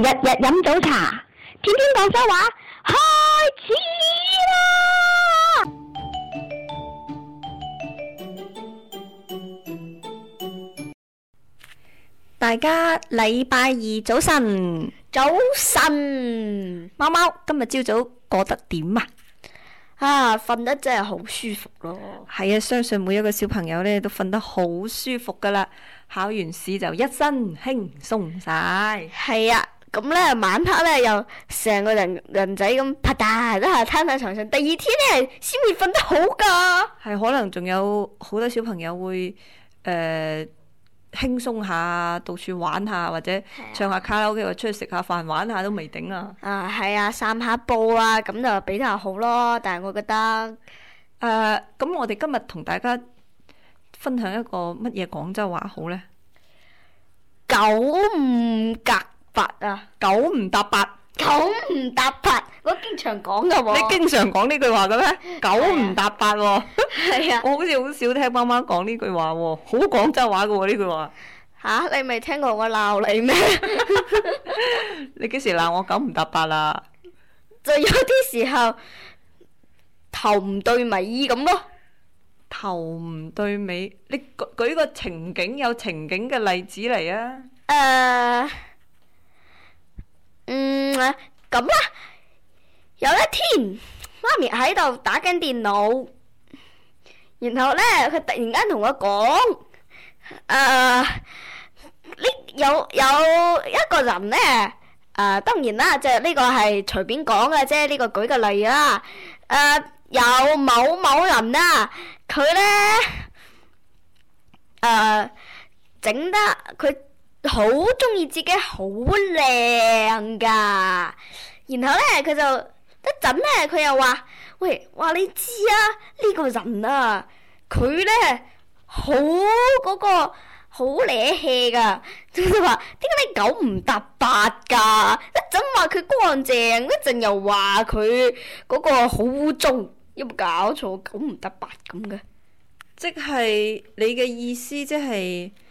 日日飲早茶，天天廣州話，開始啦！大家禮拜二早晨，早晨，貓貓今日朝早過得點啊？啊，瞓得真係好舒服咯！係啊，相信每一個小朋友咧都瞓得好舒服噶啦，考完試就一身輕鬆晒。係啊。咁咧晚黑咧又成個人人仔咁啪嗒一下，攤喺床上，第二天咧先會瞓得好噶。係可能仲有好多小朋友會誒輕鬆下，到處玩下，或者唱下卡拉 OK，或者出去食下飯玩下都未定啊。啊，係啊，散下步啊，咁就比較好咯。但係我覺得誒，咁、啊、我哋今日同大家分享一個乜嘢廣州話好咧？九唔搭。八啊，九唔搭八，九唔搭八，我經常講噶喎。你經常講呢句話嘅咩？九唔搭八喎，係啊。我好似好少聽媽媽講呢句話喎，好廣州話嘅喎，呢句話。吓，你未聽過我鬧你咩？你幾時鬧我九唔搭八啦？就有啲時候頭唔對尾咁咯。頭唔對尾，你舉個情景有情景嘅例子嚟啊！誒。嗯，咁啦。有一天，媽咪喺度打緊電腦，然後呢，佢突然間同我講：誒、呃，呢有有一個人呢，誒、呃、當然啦，就係呢個係隨便講嘅啫，呢、呢個舉個例啦。誒、呃，有某某人啦，佢呢誒、呃、整得佢。好鍾意自己好靚噶，然後呢，佢就一陣呢，佢又話喂，話你知啊呢、呢個人啊，佢呢好嗰、嗰個好叻氣噶，佢就話點解你九唔搭八噶？一陣話佢乾淨，一陣又話佢嗰個好污糟，有冇搞錯？九唔搭八咁嘅，即係你嘅意思、就是，即係。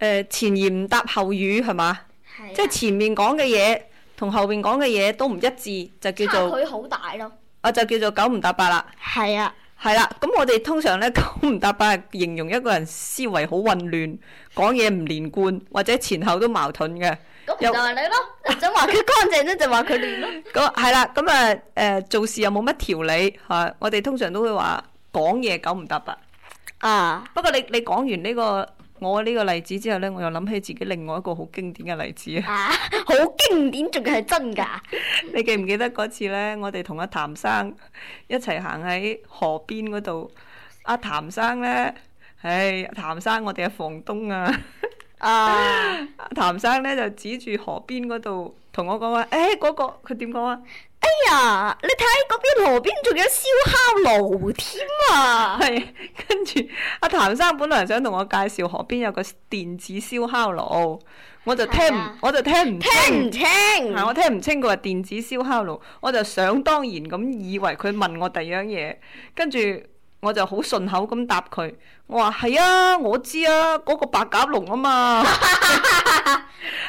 誒前言唔搭後語係嘛？即係前面講嘅嘢同後面講嘅嘢都唔一致，就叫做差距好大咯。啊，就叫做九唔搭八啦。係啊。係啦，咁我哋通常咧九唔搭八係形容一個人思維好混亂，講嘢唔連貫，或者前後都矛盾嘅。咁就係你咯，想話佢乾淨咧，就話佢亂咯。咁係啦，咁啊誒做事又冇乜條理嚇，我哋通常都會話講嘢九唔搭八。啊，不過你你講完呢個。我呢個例子之後呢，我又諗起自己另外一個好經典嘅例子啊！好經典，仲係真㗎！ 你記唔記得嗰次呢？我哋同阿譚生一齊行喺河邊嗰度，阿、啊、譚生呢？唉、哎，譚生我哋嘅房東啊， 啊， 譚生呢，就指住河邊嗰度同我講話，誒嗰、 哎嗰個佢點講啊？啊！你睇嗰邊河邊仲有燒烤爐添啊！係， 跟住阿譚生本來想同我介紹河邊有個電子燒烤爐、哦，我就聽、啊、我就聽唔清唔清、啊，我聽唔清佢話電子燒烤爐，我就想當然咁以為佢問我第二樣嘢，跟住我就好順口咁答佢，我話係啊，我知啊，嗰、嗰個白鴿籠啊嘛，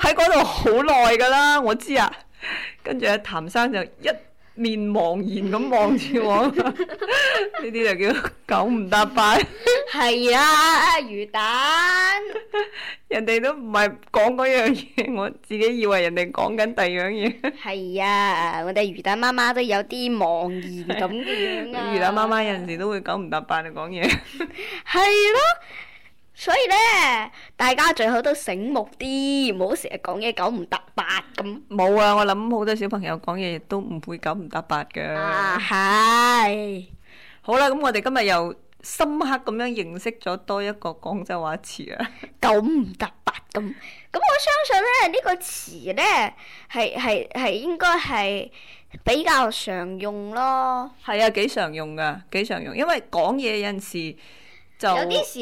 喺嗰度好耐噶啦，我知啊。跟住阿、啊、譚生就一面茫然咁望住我，呢啲 就叫九唔搭八。係啊，魚蛋，人哋都唔係講嗰樣嘢，我自己以為人哋講緊第二樣嘢。係啊，我哋魚蛋媽媽都有啲茫然咁樣啊，啊。魚蛋媽媽有陣時都會九唔搭八你講嘢。係咯，所以咧。大家最好都醒目啲，唔好成日講嘢九唔搭八咁。冇啊，我諗好多小朋友講嘢都唔會九唔搭八嘅。啊，係。好啦，咁我哋今日又深刻咁樣認識咗多一個廣州話詞啊。九唔搭八咁，咁 我相信咧呢、這個詞咧係係係應該係比較常用咯。係啊，幾常用噶，幾常用，因為講嘢有陣時。就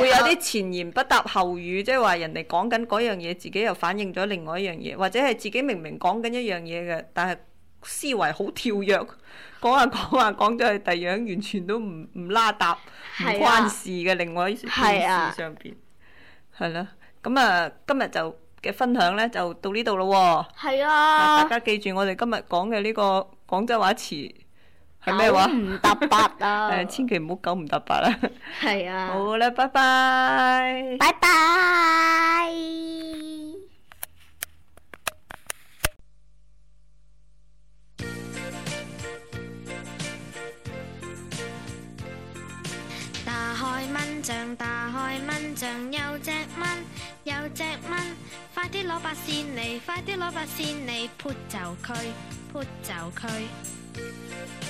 會有啲前言不搭後語，即係話人哋講緊嗰樣嘢，自己又反映咗另外一樣嘢，或者係自己明明講緊一樣嘢嘅，但係思維好跳躍，講下講下講咗去第二樣，完全都唔唔拉搭，唔關事嘅另外一件事上邊。係啦、啊，咁啊，啊，今日就嘅分享呢，就到呢度咯喎。係啊！大家記住我哋今日、這個、講嘅呢個廣州話詞。係咩話？九唔搭八啊！千祈唔好九唔搭八啦。係啊。好啦，拜拜。拜拜。打開蚊帳，打開蚊帳，有隻蚊，有隻蚊，快啲攞把扇嚟，快啲攞把扇嚟，撲走佢，撲走佢。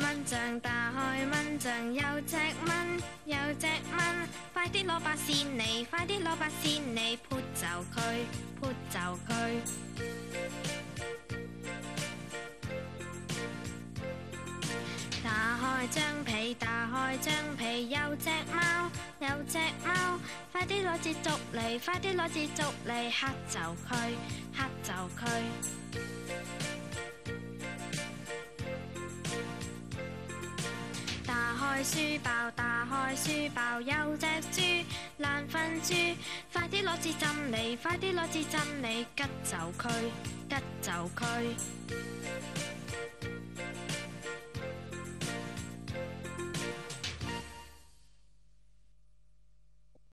蚊帳打開蚊帳，有隻蚊有隻蚊，快啲攞把扇嚟，快啲攞把扇嚟撲走佢撲走佢。打開張被打開張被，有隻貓有隻貓，快啲攞支竹嚟，快啲攞支竹嚟嚇走佢嚇走佢。書包打開書包，有隻豬，爛瞓豬，快啲攞支針你，快啲攞支針你，吉就區，吉就區。